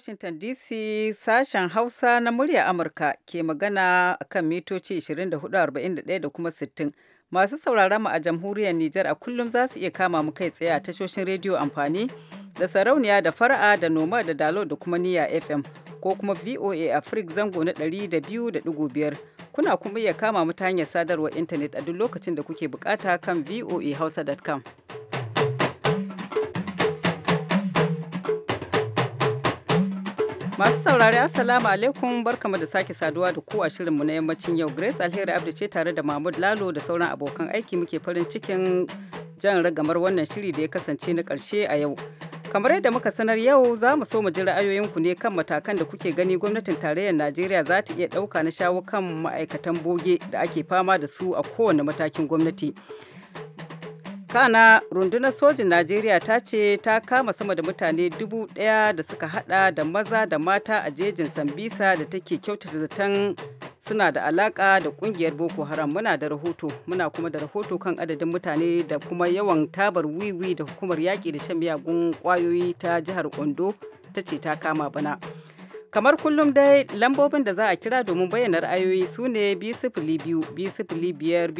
Washington DC sashen Hausa na murya Amurka ke magana kan mitoci 24,41 da kuma 60. Masu saurara mu a jamhuriyar Nijar a kullum za su iya kama mu kai tsaye a tashoshin rediyo amfani da sarauniya da fara'a da noma da dalo da kuma niya FM ko kuma VOA Africa zango na 200.5 kuna kuma iya kama mu ta hanyar sadarwar intanet a duk lokacin da kuke bukata kan voahausa.com. Masu saurari Assalamu alaikum barkamu da sake saduwa da ku a shirinmu na yammacin yau Grace Alheri Abdu ce tare da Mahmud Lalo da sauran abokan aiki muke farin cikin jan ragamar wannan shiri da ya kasance na karshe a yau. Kamar yadda muka sanar yau za mu so mu ji ra'ayoyinku ne kan matakan da kuke gani gwamnatin tarayyar Najeriya za ta iya ɗauka na shawo kan ma'aikatan boge da ake fama da su a kowane matakin gwamnati. kana rundunar sojin najeriya ta ce ta kama sama da mutane dubu daya da suka hada da maza da mata a jejin sambisa da take kyautata zaton suna da alaka da kungiyar boko haram muna da rahoto muna kuma da rahoto kan adadin mutane da kuma yawan tabar wiwi da hukumar yaƙi da shan miyagun kwayoyi ta jihar ondo ta ce ta kama bana Kamar kullum dai lambobin da za a kira domin bayyana ra'ayoyi su ne biyar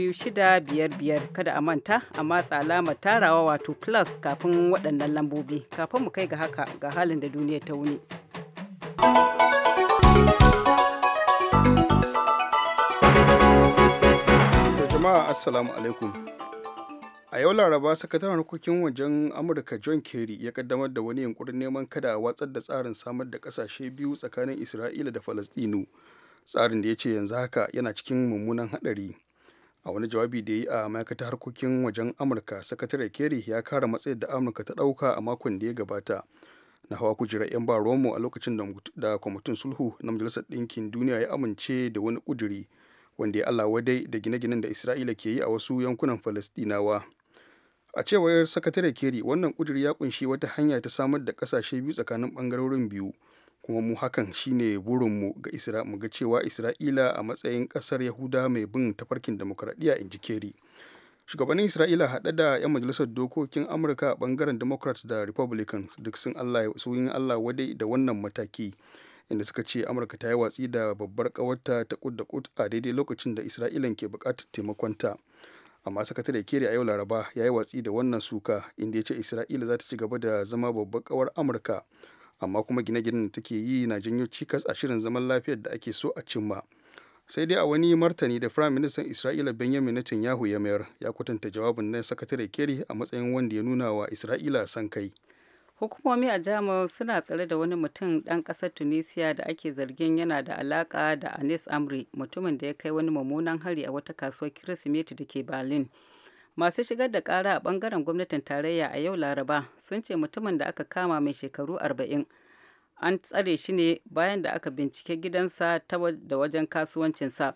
biyar kada a manta a matsa alamar tarawa wato plus kafin waɗannan lambobi kafin mu kai ga haka ga halin da duniya ta wuni. Jama'a Assalamu alaikum. a yau laraba sakataren harkokin wajen amurka john kerry ya kaddamar da wani yunkurin neman kada a watsar da tsarin samar da kasashe biyu tsakanin isra'ila da falastinu tsarin da ya ce yanzu haka yana cikin mummunan hadari a wani jawabi da ya yi a ma'aikatar harkokin wajen amurka sakatare kerry ya kara matsayin da amurka ta dauka a makon da ya gabata na hawa kujera 'yan ba romo a lokacin da kwamitin sulhu na majalisar ɗinkin duniya ya amince da wani kuduri wanda ya allah dai da gine-ginen da isra'ila ke yi a wasu yankunan falastinawa a cewar sakatare keri wannan kuduri ya kunshi wata hanya ta samar da kasashe biyu tsakanin bangarorin biyu kuma mu hakan shine burinmu ga isra mu ga cewa isra'ila a matsayin kasar yahuda mai bin tafarkin demokradiyya in ji keri shugabannin isra'ila haɗe da 'yan majalisar dokokin amurka a bangaren democrats da republican duk sun allah sun allah wadai da wannan mataki inda suka ce amurka ta yi watsi da babbar kawarta ta kud da kud a daidai lokacin da isra'ilan ke bukatar taimakonta amma sakatare keri a yau laraba ya yi watsi da wannan suka inda ya ce isra'ila za ta ci gaba da zama babbar kawar amurka amma kuma gine-ginen da take yi na janyo cikas a shirin zaman lafiyar da ake so a cimma sai dai a wani martani da firayim ministan isra'ila benjamin netanyahu ya mayar ya kwatanta jawabin na sakatare keri a matsayin wanda ya nuna wa isra'ila san kai hukumomi a jamus suna tsare da wani mutum ɗan ƙasar tunisia da ake zargin yana da alaƙa da anis amri mutumin da ya kai wani mummunan hari a wata kasuwar kirsimeti da ke berlin masu shigar da ƙara a ɓangaren gwamnatin tarayya a yau laraba sun ce mutumin da aka kama mai shekaru arba'in an tsare shi ne bayan da aka bincike gidansa ta da wajen kasuwancinsa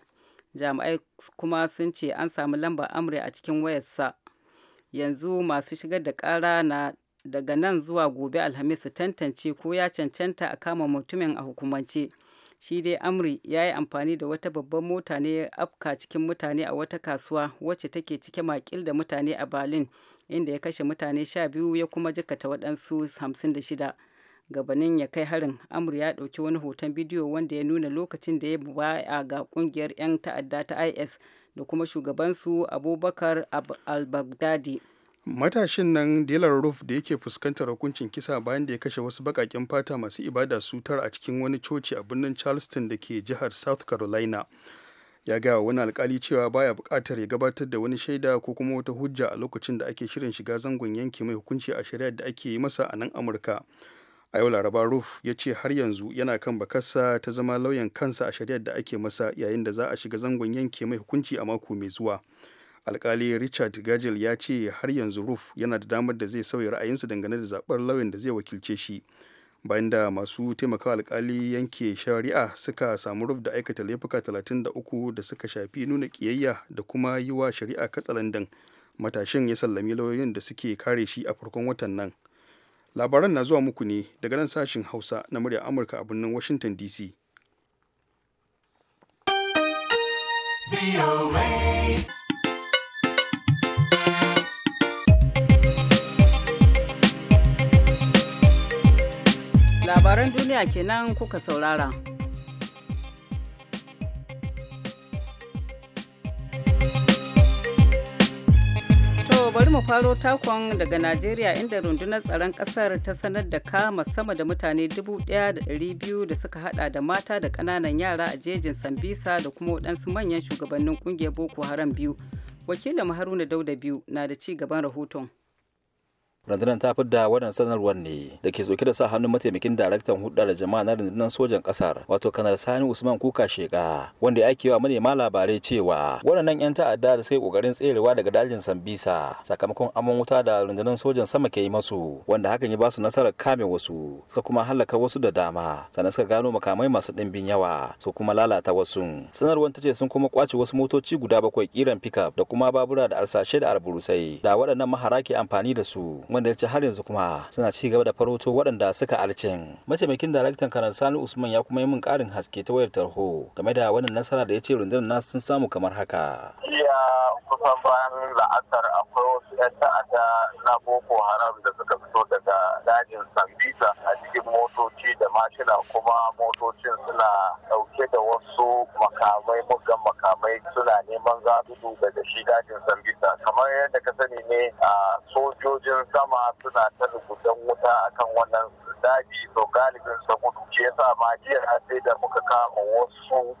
jami'ai kuma sun ce an samu lambar amri a cikin wayarsa yanzu masu shigar da ƙara na daga nan zuwa gobe alhamis su tantance ko ya cancanta a kama mutumin a hukumance shi dai amri ya yi amfani da wata babban mota ne afka cikin mutane a wata kasuwa wacce take cike makil da mutane a berlin inda ya kashe mutane sha biyu ya kuma jikata waɗansu hamsin da shida gabanin ya kai harin amri ya ɗauki wani hoton bidiyo wanda ya nuna lokacin da ya baya ga kungiyar 'yan ta'adda ta is da kuma shugabansu abubakar al-baghdadi matashin nan dilar roof da yake fuskantar hukuncin kisa bayan da ya kashe wasu bakakin fata masu ibada su tara a cikin wani coci a birnin charleston da ke jihar south carolina ya gaya wani alkali cewa baya bukatar ya gabatar da wani shaida ko kuma wata hujja a lokacin da ake shirin shiga zangon yanki mai hukunci a shari'ar da ake yi masa a nan amurka a yau laraba roof ya ce har yanzu yana kan bakarsa ta zama lauyan kansa a shari'ar da ake masa yayin da za a shiga zangon yanke mai hukunci a mako mai zuwa alkali richard gajel ya ce har yanzu roof yana da damar da zai sauya ra'ayinsa dangane da zaɓar lauyan da zai wakilce shi bayan da masu taimakawa alkali yanke shari'a suka samu roof da aikata laifuka 33 da suka shafi nuna kiyayya da kuma yi wa shari'a katsalandan matashin ya sallami lauyoyin da suke kare shi a farkon watan nan labaran na zuwa muku ne daga nan sashin hausa na murya amurka a birnin washington dc Labaran duniya kenan kuka saurara. bari mu faro takon daga Najeriya inda rundunar tsaron kasar ta sanar da kama sama da mutane 1,200 da suka hada da mata da ƙananan yara a jejin Sambisa da kuma waɗansu manyan shugabannin ƙungiyar Boko Haram biyu. Wakilin Haruna Dauda biyu na da ci gaban rahoton. rundunar ta fidda waɗannan sanarwar ne da ke soke da sa hannun mataimakin daraktan hudda da jama'a na rundunar sojan ƙasar wato kanar sani usman kuka sheka wanda ya wa manema labarai cewa waɗannan 'yan ta'adda da suka yi ƙoƙarin tserewa daga dajin sambisa sakamakon amon wuta da rundunar sojan sama ke yi masu wanda hakan ya basu su nasarar kame wasu suka kuma halaka wasu da dama sannan suka gano makamai masu ɗimbin yawa su kuma lalata wasu sanarwar ta ce sun kuma kwace wasu motoci guda bakwai kiran pickup da kuma babura da arsashe da arburusai da waɗannan mahara ke amfani da su wanda ya ce har yanzu kuma suna ci gaba da faroto waɗanda suka arcin mataimakin daraktan kanar sani usman ya kuma yi min ƙarin haske ta wayar tarho game da wannan nasara da ya ce rundunar nasu sun samu kamar haka jiya kusan bayan la'asar akwai wasu 'yan ta'ada na boko haram da suka fito daga dajin sambisa a cikin motoci da mashina kuma motocin suna ɗauke da wasu makamai muggan makamai suna neman zaɓudu daga shi dajin sambisa kamar yadda ka sani ne a sojojin dama suna ta rubutan wuta akan wannan daji to galibin sa gudu shi sa ma jiya sai da muka kama wasu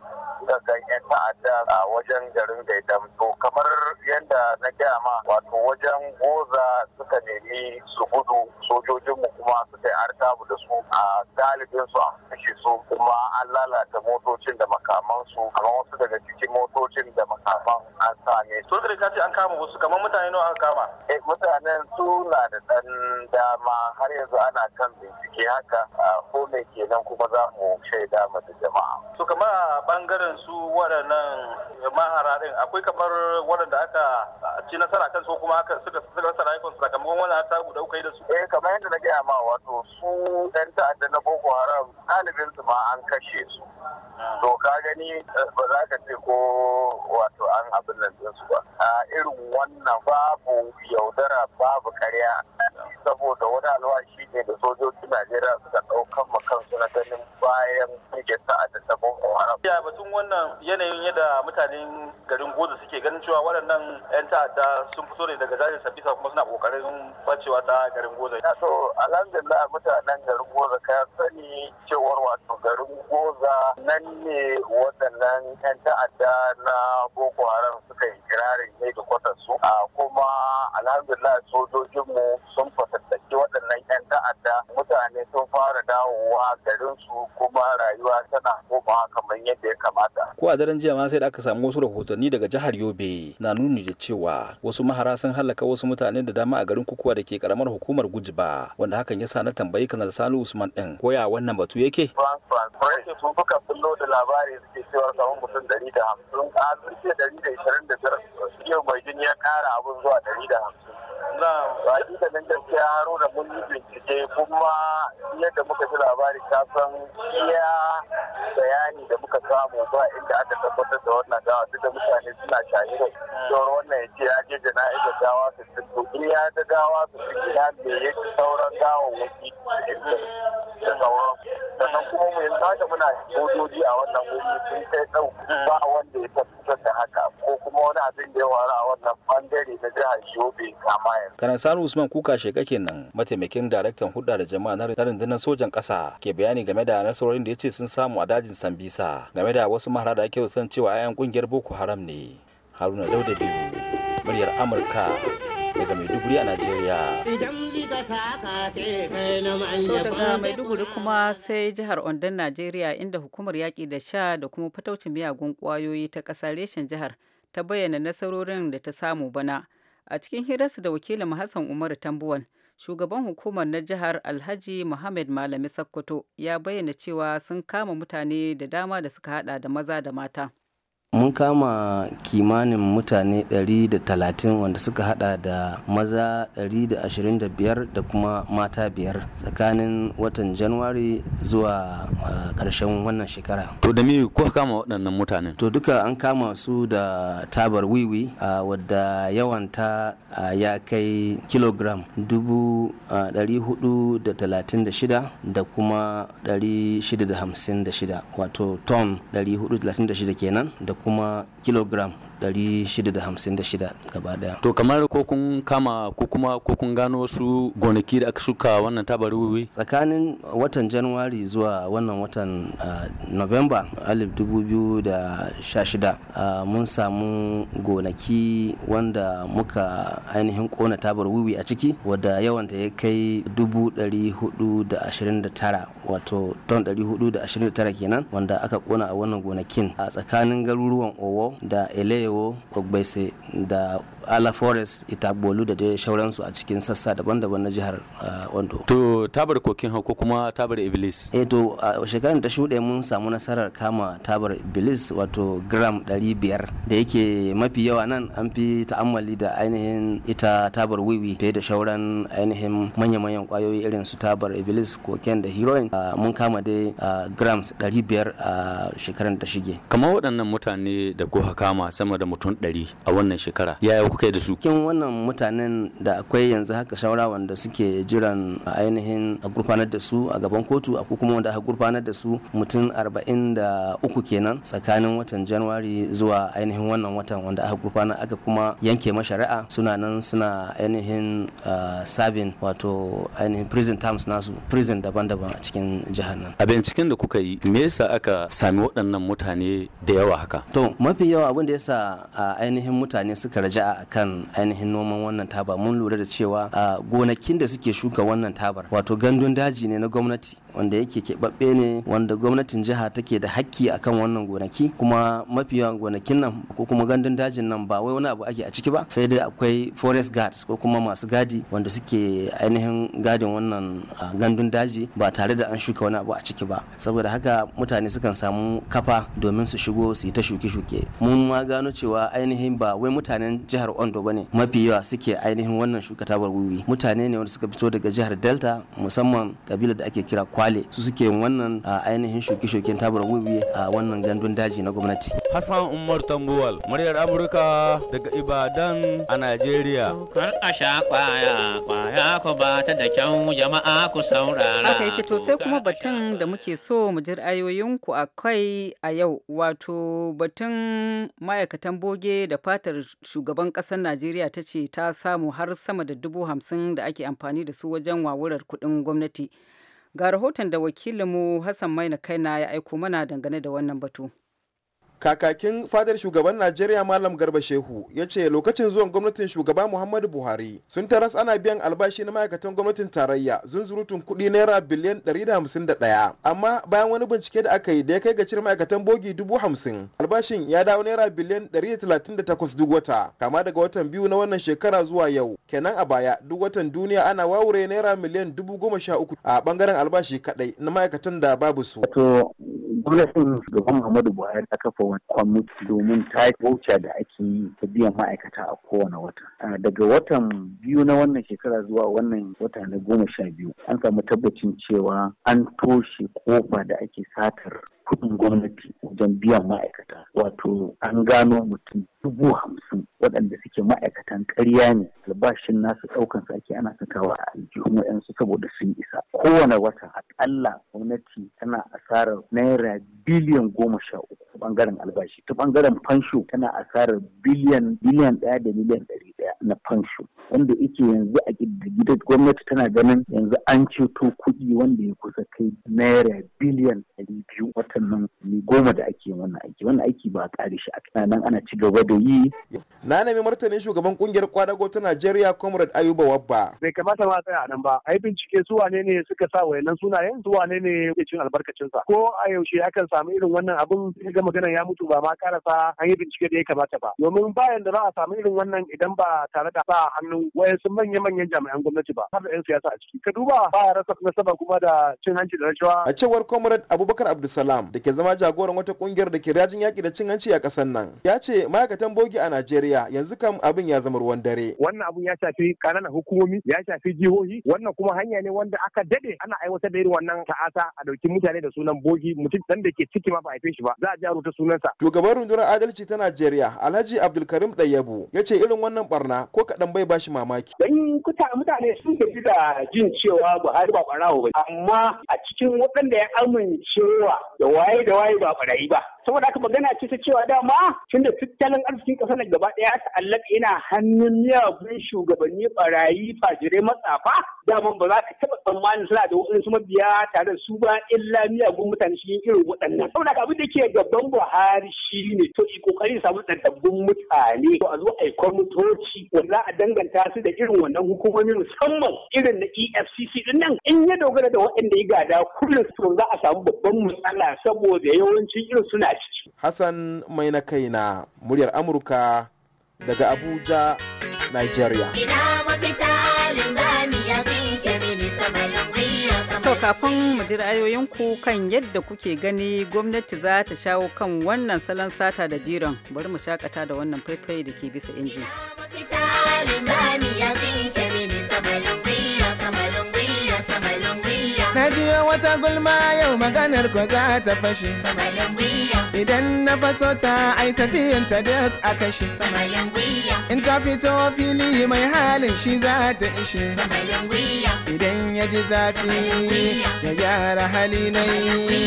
daga yan ta'adda a wajen garin gaidam to kamar yadda na gaya ma wato wajen goza suka nemi su gudu sojojinmu kuma suka yi artabu da su a galibin su an kashe su kuma an lalata motocin da makaman su amma wasu daga cikin motocin da makaman an same su. da ka ce an kama wasu kamar mutane nawa aka kama? Eh mutanen su na da ɗan dama har yanzu ana kan bincike haka ko me kenan kuma za mu shaida ma jama'a. kama kamar a bangaren su waɗannan mahara ɗin akwai kamar waɗanda aka ci nasara kan su kuma aka suka suka rasa rayukan sakamakon wani ta guda yi da su eh kamar yadda na gaya ma wato su ɗan ta'adda na boko haram ɗalibin su ma an kashe su to ka gani eh, ba za ka ce ko wato an abin nan su ba a irin wannan babu yaudara babu karya saboda wani alwashi ne da sojoji najeriya suka ɗaukan makan na ganin bayan suke ta'adda ta sabon haram ya batun wannan yanayin yadda mutanen garin goza suke ganin cewa waɗannan 'yan ta'adda sun fito ne daga jajin sabisa kuma suna ƙoƙarin bacewa ta garin goza Ya so alhamdulillah mutanen garin goza ka sani cewar wato garin goza nan ne waɗannan 'yan ta'adda na boko haram suka yi kirarin ne da kwatansu. kuma alhamdulillah sojojinmu sun fata tattaki waɗannan 'yan ta'adda mutane sun fara dawowa garinsu kuma rayuwa tana komawa kamar yadda ya kamata. Ko a daren jiya ma sai da aka samu wasu rahotanni daga jihar Yobe na nuni da cewa wasu mahara sun halaka wasu mutane da dama a garin Kukuwa da ke karamar hukumar Gujiba wanda hakan ya sa na tambayi kanar Sani Usman ɗin? ko ya wannan batu yake. sun buka bullo da labari suke cewa samun mutum ɗari da hamsin a ɗari da ishirin da biyar yau mai jini ya ƙara abin zuwa ɗari da hamsin. na hakika nan gaskiya haruna mun yi bincike kuma yadda muka ji labari ta san iya bayani da muka samu ba inda aka tabbatar da wannan gawa duk da mutane suna shahirar shawar wannan ya ce ya je jana'iza gawa su fito in ya ga gawa su fito ya ce ya ci sauran gawawwaki da sauran sannan kuma mu yanzu haka muna sojoji a wannan wuri sun kai ɗau ba wanda ya tabbatar da haka ko kuma wani abin da ya waru a wannan bangare na jihar Yobe kama kanan Sani Usman Kuka Sheka kenan mataimakin daraktan hudda da jama'a na rundunar sojan ƙasa ke bayani game da nasarorin da ya ce sun samu a dajin Sambisa game da wasu mahara da ake san cewa 'ya'yan kungiyar Boko Haram ne. Haruna Dauda biyu muryar Amurka daga Maiduguri a Najeriya. To daga Maiduguri kuma sai jihar Ondon Najeriya inda hukumar yaƙi da sha da kuma fataucin miyagun ƙwayoyi ta ƙasa reshen jihar ta bayyana nasarorin da ta samu bana a cikin hirarsa da wakilin hassan umaru tambuwan shugaban hukumar na jihar alhaji muhammad malami sakkwato ya bayyana cewa sun kama mutane da dama da suka hada da maza da mata mun kama kimanin mutane 130 wanda suka hada da maza 125 da kuma mata biyar tsakanin watan januwari zuwa karshen wannan shekara to da me kuka kama waɗannan mutanen to duka an kama su da tabar wiwi a wadda yawanta ya kai kilogram 436 da kuma 656 wato ton 436 kenan da kuma kuma kilogram 656 gaba daya to kamar ko kun kama ko kuma ko kun gano wasu gonaki da aka shuka wannan tabar wiwi tsakanin watan januwari zuwa wannan watan ah, november 2016 ah, mun samu gonaki wanda muka ainihin kona tabar wiwi a ciki wadda yawanta ya kai 429 wato ton 429 kenan wanda aka kona a wannan gonakin a tsakanin garuruwan owo da ele arewo ogbese da ala forest itagbolu da dai shauransu a cikin sassa daban-daban na jihar eh, ondo to tabar kokin hau kuma tabar iblis eh to a shekarar ta shuɗe mun samu nasarar kama tabar iblis wato gram 500 da yake mafi yawa nan an fi ta'ammali da ainihin ita tabar wiwi fiye da shauran ainihin manya-manyan kwayoyi irin su tabar iblis koken da heroin mun kama dai grams 500 a shekarar da shige kamar waɗannan mutane da ko kama sama sama da mutum ɗari a wannan shekara yaya kuka yi da su kin wannan mutanen da akwai yanzu haka shawara wanda suke jiran a ainihin a gurfanar da su a gaban kotu a kuma wanda aka gurfanar da su mutum arba'in da uku kenan tsakanin watan januwari zuwa ainihin wannan watan wanda aka gurfanar aka kuma yanke mashari'a suna nan suna ainihin ah, sabin wato ainihin prison terms nasu prison daban-daban a cikin jihar nan a binciken da kuka yi me yasa aka sami waɗannan mutane da yawa haka to mafi yawa abin da yasa a ah, ainihin mutane suka a kan ainihin noman wannan taba mun lura da cewa ah, gonakin da suke shuka wannan tabar wato gandun daji ne na gwamnati wanda yake keɓaɓɓe ne wanda gwamnatin jiha take da hakki kan wannan gonaki kuma mafi yawan gonakin nan ko kuma gandun dajin nan ba wai wani abu ake a ciki ba sai dai akwai forest guards ko kuma masu gadi wanda suke ainihin gadin wannan ah, gandun daji ba tare da an shuka wani abu a ciki ba saboda haka mutane sukan samu kafa domin su shigo su yi ta shuke-shuke mun ma gano cewa ainihin ba wai mutanen jihar Ondo bane mafi yawa suke ainihin wannan shuka tabar wiwi mutane ne wanda suka fito daga jihar Delta musamman kabilar da ake kira Kwale su suke wannan ainihin shuke-shuken tabar wiwi a wannan gandun daji na gwamnati Hassan Umar Tambuwal, muryar Amurka daga Ibadan a Najeriya. Kar a sha kwaya, kwaya ku ba ta da kyau jama'a ku saurara. Aka yake to sai kuma batun da muke so mu ji ra'ayoyinku kai a yau wato batun ma'aikatan boge da fatar shugaban ƙasar Najeriya ta ce ta samu har sama da dubu hamsin da ake amfani da su wajen wawurar kuɗin gwamnati. Ga rahoton da wakilinmu Hassan Maina Kaina ya aiko mana dangane da wannan batu. kakakin fadar shugaban najeriya malam garba shehu ya ce lokacin zuwan gwamnatin shugaba muhammadu buhari sun taras ana biyan albashi na ma'aikatan gwamnatin tarayya zunzurutun kuɗi naira biliyan 151 amma bayan wani bincike da aka yi da ya kai ga cire ma'aikatan bogi dubu hamsin albashin ya dawo naira biliyan 138 duk wata kama daga watan biyu na wannan shekara zuwa yau kenan a baya duk watan duniya ana wawure naira miliyan dubu goma sha uku a bangaren albashi kadai na ma'aikatan da babu su. gwamnatin shugaban Muhammadu Buhari ta kafa wani kwamiti domin ta bauta da ake yi ta biyan ma'aikata a kowane wata. Daga watan biyu na wannan shekara zuwa wannan wata na goma sha biyu an samu tabbacin cewa an toshe kofa da ake satar kuɗin gwamnati wajen biyan ma'aikata wato an gano mutum dubu hamsin waɗanda suke ma'aikatan ƙarya ne albashin nasu ɗaukan su ana sakawa a aljihun waɗansu saboda sun isa kowane wata aƙalla gwamnati tana asarar naira biliyan goma sha uku ɓangaren albashi ta ɓangaren fansho tana asarar biliyan biliyan ɗaya da miliyan ɗari ɗaya na fansho wanda yake yanzu a gidan gwamnati tana ganin yanzu an ceto kuɗi wanda ya kusa kai naira biliyan ɗari biyu wata watan nan goma da ake wannan aiki wannan aiki ba a kare shi a nan ana ci gaba da yi na nemi martanin shugaban kungiyar kwadago ta Najeriya Comrade Ayuba Wabba bai kamata ma tsaya nan ba ai bincike su wane ne suka sa wayannan sunayen su wane ne yake cin albarkacin sa ko a yaushe akan samu irin wannan abun ga magana ya mutu ba ma karasa an yi bincike da ya kamata ba domin bayan da za a samu irin wannan idan ba tare da sa hannun wayansu manya-manyan jami'an gwamnati ba har da 'yan siyasa a ciki ka duba ba rasa nasaba kuma da cin hanci da rashawa a cewar comrade abubakar abdulsalam Islam da ke zama jagoran wata kungiyar da ke rajin yaki da cin hanci a kasar nan. Ya ce ma'aikatan bogi a Najeriya yanzu kam abin ya zama ruwan dare. Wannan abin ya shafi kananan hukumomi, ya shafi jihohi, wannan kuma hanya ne wanda aka dade ana aiwatar da irin wannan ta'asa a dauki mutane da sunan bogi mutum dan da ke ciki ma ba a shi ba za a ji rubuta sunansa. Shugaban rundunar adalci ta Najeriya Alhaji Abdulkarim Ɗayyabu ya ce irin wannan barna ko kaɗan bai bashi mamaki. Dan mutane sun gaji da jin cewa Buhari ba barawo ba amma a cikin waɗanda ya amincewa da waye da waye ba barayi ba saboda aka magana ce ta cewa dama da tattalin arzikin ƙasar nan gaba ɗaya allaka yana hannun miyagun shugabanni barayi fajirai matsafa Dama ba za ka taɓa tsammanin suna da waɗansu mabiya tare da su ba illa miyagun mutane cikin irin waɗannan saboda haka abin da ke gaban Buhari ne, to i kokari samu ɗaɗɗabbun mutane to a zo a yi kwamitoci wanda za a danganta su da irin wannan hukumomi musamman irin na EFCC din nan in ya dogara da waɗanda ya gada kullum to za a samu babban matsala saboda yawancin irin suna ciki. Hassan mai na kaina muryar Amurka daga Abuja, Nigeria. Ina To kafin mu ji ra'ayoyinku kan yadda kuke gani gwamnati za ta shawo kan wannan salon sata da biron bari mu shakata da wannan faifai da ke bisa inji. Mafita ya wata gulma yau maganar ko za ta fashe idan na faso ta ai safiyin ta duk a kashe in ta fito fili mai halin shi za ta ishe idan ya ji zafi ya gyara hali yi.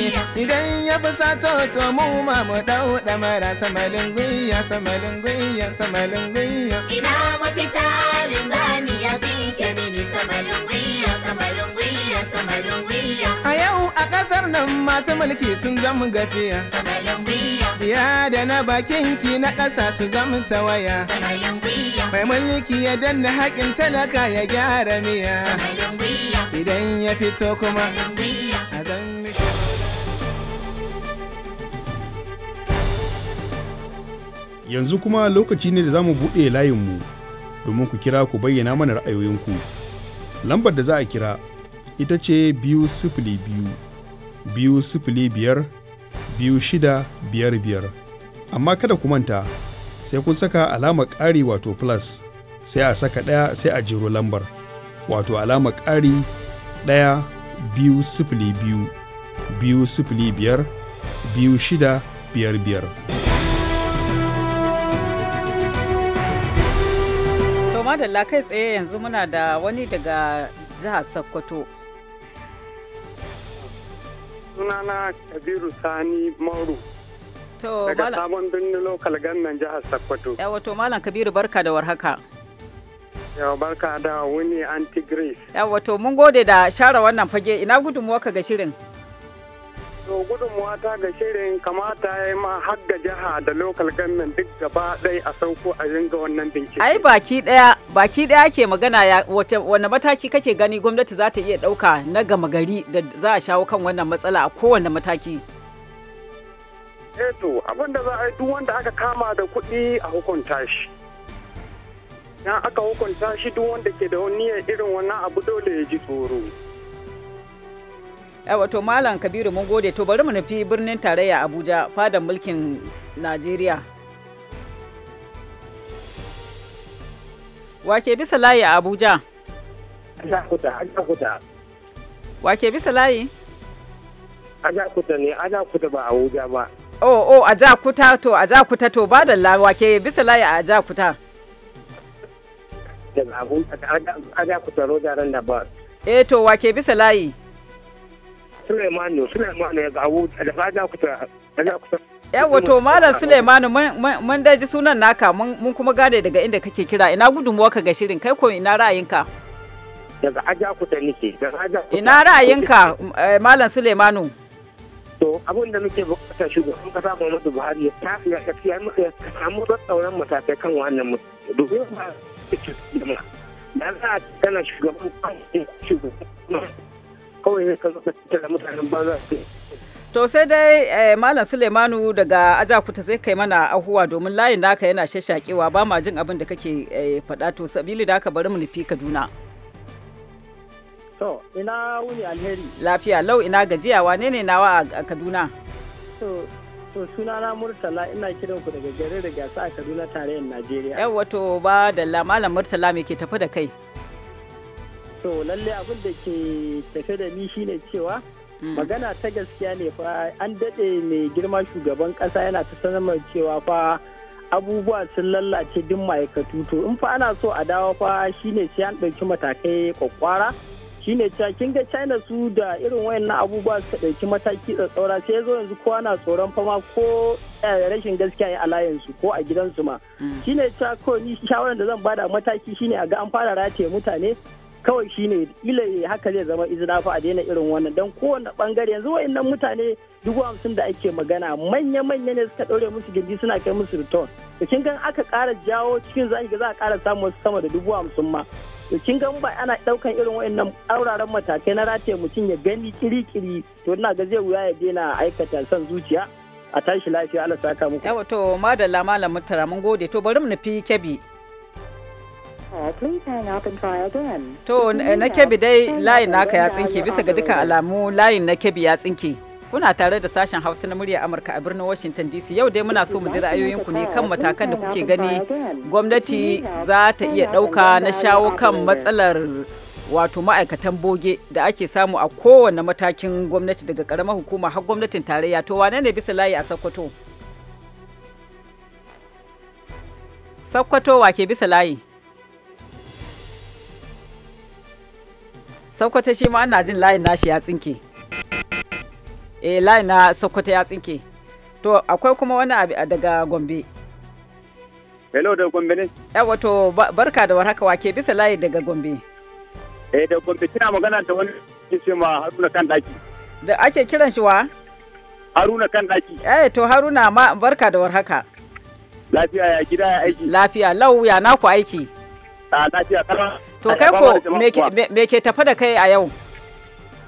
idan ya fi sato to mu ma mu dau damara samalin gwiya samalin gwiya samalin gwiya ina mafita linzani ya fi kemini samalin gwiya samalin gwiya A yau a ƙasar nan masu mulki sun zama gafiya. Ya da na ki na ƙasa su zama tawaya. Mai mulki ya danna haƙin talaka ya gyara miya. Idan ya fito kuma a zan Yanzu kuma lokaci ne da za mu buɗe layinmu domin ku kira ku bayyana mana ra'ayoyinku. Lambar da za a kira ita ce biyu sifili biyu biyu sifili biyar biyu shida biyar biyar amma kada ku manta sai kun saka alama ƙari wato plus sai a saka ɗaya sai a jiro lambar wato alama ƙari ɗaya biyu sifili biyu biyu sifili biyar biyu shida biyar biyar. madalla kai tsaye yanzu muna da wani daga jihar Sokoto. sunana kabiru sani mauro to daga sabon birnin lokal gannan jihar sokoto yawa to malam kabiru barka da warhaka yawa barka da wuni anti grace yawa to mun gode da share wannan fage ina gudunmuwa ka ga shirin wato gudunmuwa ta ga shirin kamata ya yi ma har jiha da lokal gannan duk gaba ɗaya a sauko a ringa wannan bincike. Ai baki ɗaya baki ɗaya ke magana ya wani mataki kake gani gwamnati za ta iya ɗauka na gama gari da za a shawo kan wannan matsala a kowane mataki. Eto eh abin da za a yi duk wanda aka kama da kuɗi a hukunta shi. Na aka hukunta shi duk wanda ke da wani irin wannan abu dole ya ji tsoro. Eh, wato malam kabiru mun gode to bari mu nufi birnin tarayya abuja fadar mulkin najeriya wake bisa layi a abuja wake bisa layi ajakuta ne ajakuta ba abuja ba oh oh ajakuta to ajakuta to ba da wake bisa layi a ajakuta daga abuja ajakuta rojaran da ba eh to wake bisa layi Suleimanu Suleimanu ya gawo da kaja kuta kaja kuta yawa to malam Suleimanu mun daji sunan naka mun kuma gane daga inda kake kira ina gudunmuwa ka ga shirin kai ko ina ra'ayinka daga ajakuta nike daga ajakuta ina ra'ayinka eh, malam Suleimanu to abin da muke bukata shugaban kasa Muhammadu Buhari ya tafi ya gaskiya muka ya samu tsauran matakai kan wannan mutum domin ba da za a tana shugaban kasa shugaban kawai ne ka zo ka da mutanen ba za su To sai dai eh, Malam Suleimanu daga Ajakuta sai kai mana ahuwa domin layin naka yana shashakewa ba ma jin abin da kake eh, faɗa to sabili da aka bari mu nufi Kaduna. To ina wuni alheri. Lafiya lau ina gajiya wane ne nawa a Kaduna? To sunana Murtala ina kiran ku daga gare da gasa a Kaduna tarayyar Najeriya. Yawwa to ba da Malam Murtala me ke tafi da kai? to lalle abin da ke tafe da ni shine cewa mm. magana ta gaskiya ne fa an daɗe mai girma shugaban ƙasa yana ta sanar cewa fa abubuwa sun lallace duk ma'aikatu to in fa ana so a dawo fa shine sai an ɗauki matakai kwakwara shine cewa kin ga china su da irin wayannan abubuwa su ɗauki mataki tsatsaura sai ya zo yanzu kowa na tsoron fama ko eh, rashin gaskiya ya alayansu ko a gidansu ma mm. shine cewa ko ni shawaran da zan bada mataki shine a ga an fara rataye mutane kawai shi ne ila haka zai zama izina fa a daina irin wannan don kowane bangare yanzu nan mutane dubu hamsin da ake magana manya manya ne suka ɗaure musu gindi suna kai musu return to kin gan aka kara jawo cikin zaki ga za a ƙara samu wasu sama da dubu hamsin ma to kin gan ba ana ɗaukan irin wayannan auraren matakai na rataye mutum ya gani kiri-kiri to ina ga zai wuya ya daina aikata son zuciya a tashi lafiya ala saka muku. Yawa to madalla malam mutara mun gode to bari mu nufi kebi To eh, na kebi dai layin naka ya tsinke bisa ga dukkan alamu layin na kebi ya tsinke. Kuna tare da sashen Hausa na murya Amurka a birnin Washington DC yau dai muna so mu ji ra'ayoyinku ne kan matakan da kuke gani gwamnati za ta iya ɗauka na shawo kan matsalar wato ma'aikatan boge da ake samu a kowane matakin gwamnati daga karamar hukuma har gwamnatin tarayya to wane ne bisa layi a Sokoto? Sokoto wa ke bisa layi? Sokoto shi ma ana jin layin nashi ya tsinke. Eh layin na Sokoto ya tsinke. To akwai kuma wani abu daga Gombe. Hello daga Gombe ne? eh to barka da warhaka wake bisa layi daga Gombe. Eh da Gombe kina magana da wani ce ma Haruna kan daki. Da ake kiran shi wa? Haruna kan daki. Eh to Haruna ma barka da warhaka. Lafiya ya gida ya aiki. Lafiya lau ya naku aiki. A ah, lafiya kala. To kai ko me ke tafa da kai a yau?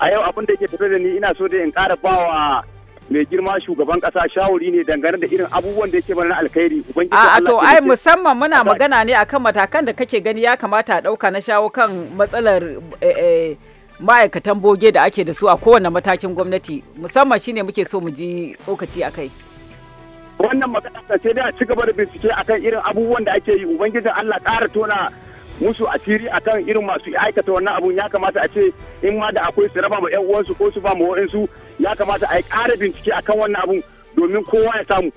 A yau abin da ke tafe da ni ina so da in ƙara wa mai girma shugaban kasa shawari ne dangane da irin abubuwan da yake bana alkhairi ubangiji to ai musamman muna magana ne akan matakan da kake gani ya kamata a ɗauka na shawo kan matsalar eh, eh, ma'aikatan boge da ake da su a kowane matakin gwamnati musamman shine muke so mu ji tsokaci akai wannan magana sai dai a cigaba da bincike akan irin abubuwan da ake yi ubangijin Allah ƙara tona musu asiri akan irin masu aikata wannan abun ya kamata a ce in ma da akwai su raba ma yan uwansu ko su ba ma wa'insu ya kamata a yi ƙara bincike akan wannan abun domin kowa ya samu.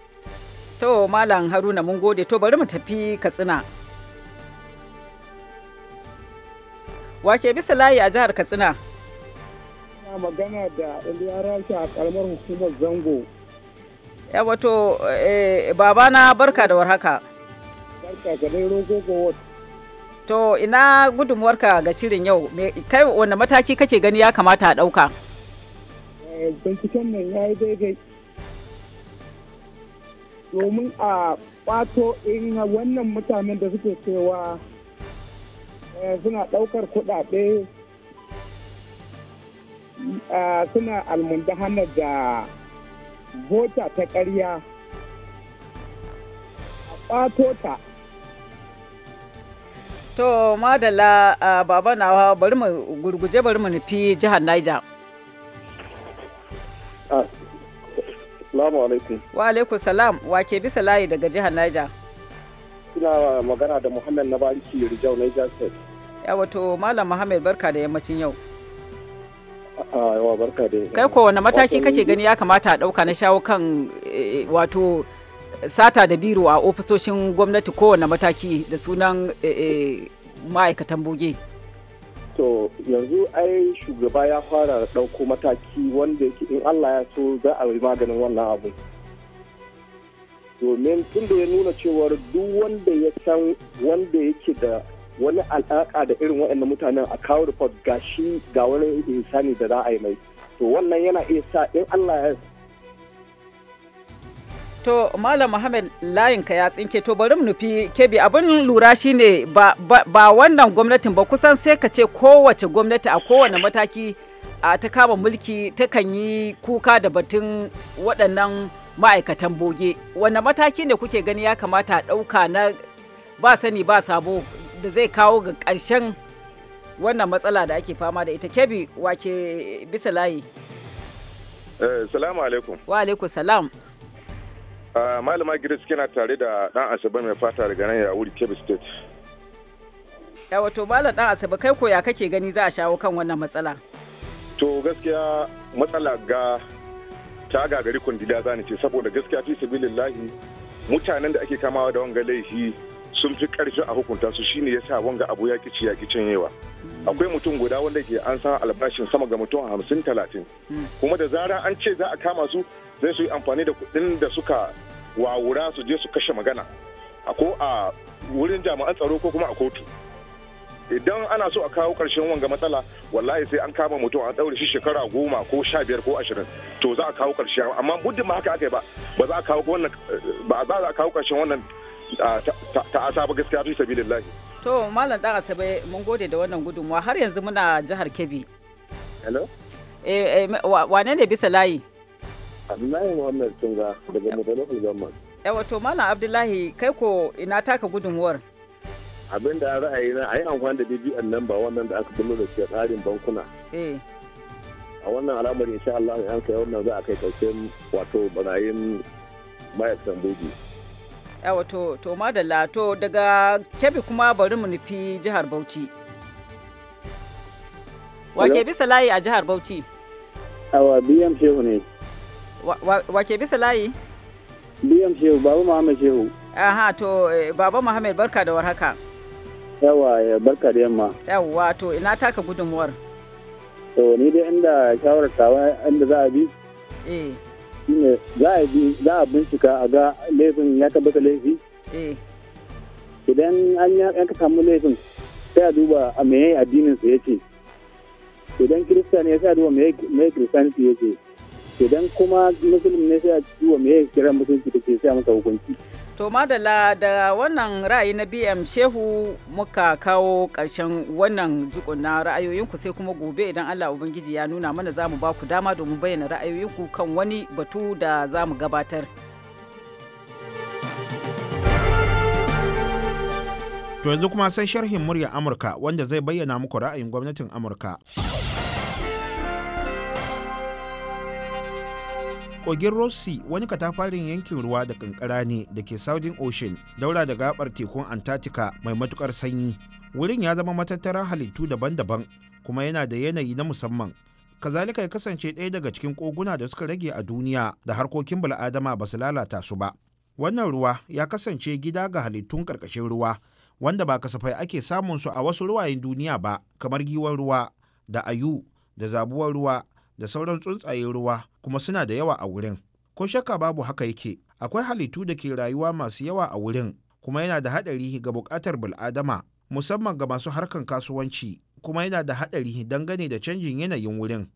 To Malam Haruna mun gode to bari mu tafi Katsina. Wake bisa layi a jihar Katsina. Ina magana da Iliyara a kalmar hukumar Zango. Ya wato eh, babana barka da warhaka. Barka ga dai rogo ga To ina gudunmuwarka ga shirin yau, kai wanda mataki kake gani ya kamata a ɗauka? Eh, binciken nan ya yi daidai. Domin a ɓato in wannan mutanen da suke cewa eh, suna ɗaukar kuɗaɗe suna almundahanar da bota ta ƙarya a ɓato ta. To madala uh, baba nawa bari mu gurguje bari mu nufi jihar Niger. Ah, alaikum. Wa alaikum salam wa ke bisa layi daga jihar Niger. Ina magana da Muhammad na bariki Rijau Niger State. Ya wato Malam Muhammad barka da yammacin yau. Ah, yawa barka da Kai ko wani mataki kake gani ya kamata a ɗauka na shawo kan eh, wato sata da biro a ofisoshin gwamnati kowane mataki da sunan eh, eh, ma'aikatan buge. To yanzu ai shugaba ya fara ɗauko mataki wanda yake in Allah ya so za a yi maganin wannan abu. Domin tun da ya nuna cewar duk wanda ya san wanda yake da wani alaƙa da irin waɗannan mutanen a kawo report gashi ga wani insani da za a yi mai. To wannan yana iya sa in Allah ya To Malam Muhammad ka ya tsinke to bari mu nufi kebi abin lura shine ba, ba, wannan gwamnatin ba kusan sai ka ce kowace gwamnati a kowane mataki a ta kama mulki takan yi kuka da batun waɗannan ma'aikatan boge. Wanne mataki ne kuke gani ya kamata a ɗauka na ba sani ba sabo da zai kawo ga ƙarshen wannan matsala da ake fama da ita kebi wake bisa layi. Eh, salamu alaikum. Wa alaikum salam. malama Grace kina tare da dan Asabe mai fata daga nan Yawuri Kebbi State. Ya wato malam dan Asabe kai ko ya kake gani za a shawo kan wannan matsala? To gaskiya matsala ga ta gagari kundila za ni ce saboda gaskiya fi sabilillahi mutanen da ake kamawa da wanga laifi sun fi karfi a hukunta su shine yasa wanga abu ya kici ya kicin yawa hmm. akwai mutum guda wanda ke an san albashin sama ga mutum hamsin talatin hmm. kuma da zara an ce za a kama su zai su yi amfani da kuɗin da suka wawura su je su kashe magana a ko a wurin jami'an tsaro ko kuma a kotu idan ana so a kawo ƙarshen wanga matsala wallahi sai an kama mutum an ɗaure shi shekara goma ko sha biyar ko ashirin to za a kawo ƙarshen amma muddin ma haka aka yi ba ba za a kawo wannan ba za a kawo ƙarshen wannan ta'asa ba gaskiya fi sabilillahi to malam dan asabe mun gode da wannan gudunmawa har yanzu muna jihar kebbi hello eh, eh wane ne bisa layi Abdullahi Muhammad Tunga daga Mutalafu Gamman. Yawa to Malam Abdullahi kai ko ina taka gudunmuwar? Abin da ra'ayi na a yi amfani da bidiyon nan ba wannan da aka bullo da ke tsarin bankuna. Eh. A wannan alamar insha Allah an kai wannan za a kai karshen wato barayin mayar tambobi. Yawa to to madalla to daga kebi kuma bari mu nufi jihar Bauchi. Wa ke bisa layi a jihar Bauchi? Awa biyan shehu ne. Wake bisa layi? Liam Shehu, Baba Muhammad Shehu. Aha, to eh, Baba Muhammad barka da warhaka. Yawa, eh, barka da yamma. Yawa, to ina taka gudunmuwar. To ni dai inda shawarar tawa inda za a bi? Eh. za a bi za a bincika a ga laifin ya tabbata laifi? Eh. Idan an ya ka samu laifin sai a duba a meye addinin su yake. Idan Kirista ne sai a duba su Kiristanci ce. idan kuma musulmi ne sai a ciwo mai kira musulunci da ke sai masa hukunci To madala da wannan ra'ayi na BM Shehu muka kawo ƙarshen wannan jikon na ra'ayoyinku sai kuma gobe idan Allah Ubangiji ya nuna mana za mu ba ku dama domin bayyana ra'ayoyinku kan wani batu da za mu gabatar. To yanzu kuma sai sharhin murya Amurka wanda zai bayyana muku ra'ayin gwamnatin Amurka. kogin rossi wani katafarin yankin ruwa da kankara ne da ke southern ocean daura da gabar tekun antarctica mai matukar sanyi wurin ya zama matattaran halittu daban-daban kuma yana da yanayi na musamman kazalika ya kasance ɗaya daga cikin koguna da suka rage a duniya da harkokin bala'adama ba su lalata su ba wannan ruwa ya kasance gida ga halittun ƙarƙashin ruwa wanda ba kasafai ake samun su a wasu ruwayen duniya ba kamar giwon ruwa da ayu da zabuwar ruwa da sauran tsuntsaye ruwa kuma suna da yawa a wurin ko shakka babu haka yake akwai halittu da ke rayuwa masu yawa a wurin kuma yana da haɗari ga buƙatar bil'adama musamman ga masu harkan kasuwanci kuma yana da haɗari dangane da canjin yanayin wurin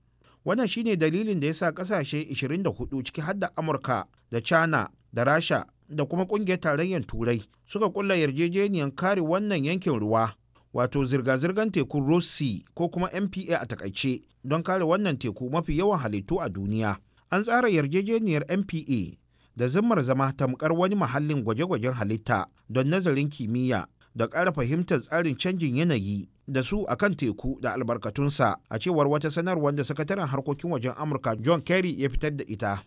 wannan shine dalilin da ya sa ƙasashe 24 ciki har da amurka da china da rasha da kuma ƙungiyar tarayyar turai suka kulla yarjejeniyar kare wannan yankin ruwa wato zirga-zirgar tekun rossi ko kuma mpa a takaice don kare wannan teku mafi yawan halittu a duniya an tsara yarjejeniyar mpa da zimmar zama tamkar wani mahallin gwaje-gwajen halitta don nazarin kimiyya da ƙara fahimtar tsarin canjin yanayi da su a kan teku da albarkatunsa a cewar wata sanarwar da sakataren harkokin wajen amurka john kerry ya fitar da ita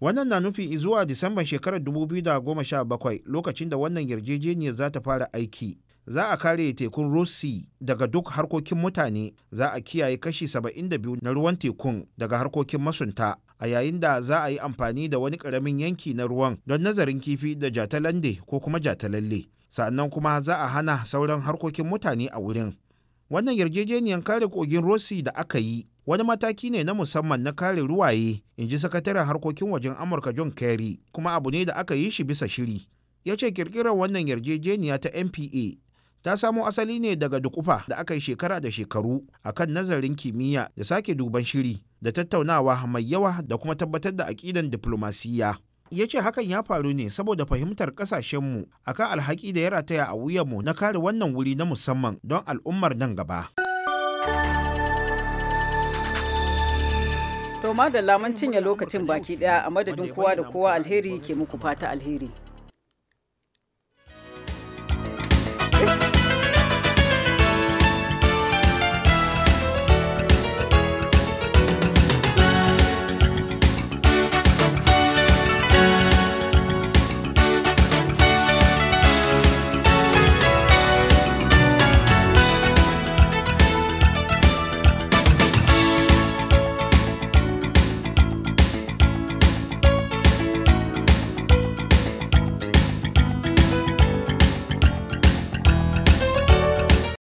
wannan na nufi zuwa disamban shekarar 2017 lokacin da wannan yarjejeniyar za ta fara aiki za a kare tekun rossi daga duk harkokin mutane za a kiyaye kashi 72 na ruwan tekun daga harkokin masunta a yayin da za a yi amfani da wani karamin yanki na ruwan don nazarin kifi da jatalande ko kuma jatalalle sannan kuma za a hana sauran harkokin mutane a wurin wannan yarjejeniyar kare kogin rossi da aka yi wani mataki ne na musamman na kare ruwaye in ji sakataren harkokin wajen amurka john kerry kuma abu ne da aka yi shi bisa shiri ya ce kirkirar wannan yarjejeniya ta npa ta samo asali ne daga dukufa da aka yi shekara da shekaru akan nazarin kimiyya da sake duban shiri da tattaunawa mai yawa da kuma tabbatar da aƙidan diflomasiyya. ya ce hakan ya faru ne saboda fahimtar ƙasashenmu akan alhaki da ya rataya a wuyanmu na kare wannan wuri na musamman don al'ummar nan gaba. To da laman cinye lokacin baki daya a madadin kowa da kowa alheri ke muku fata alheri.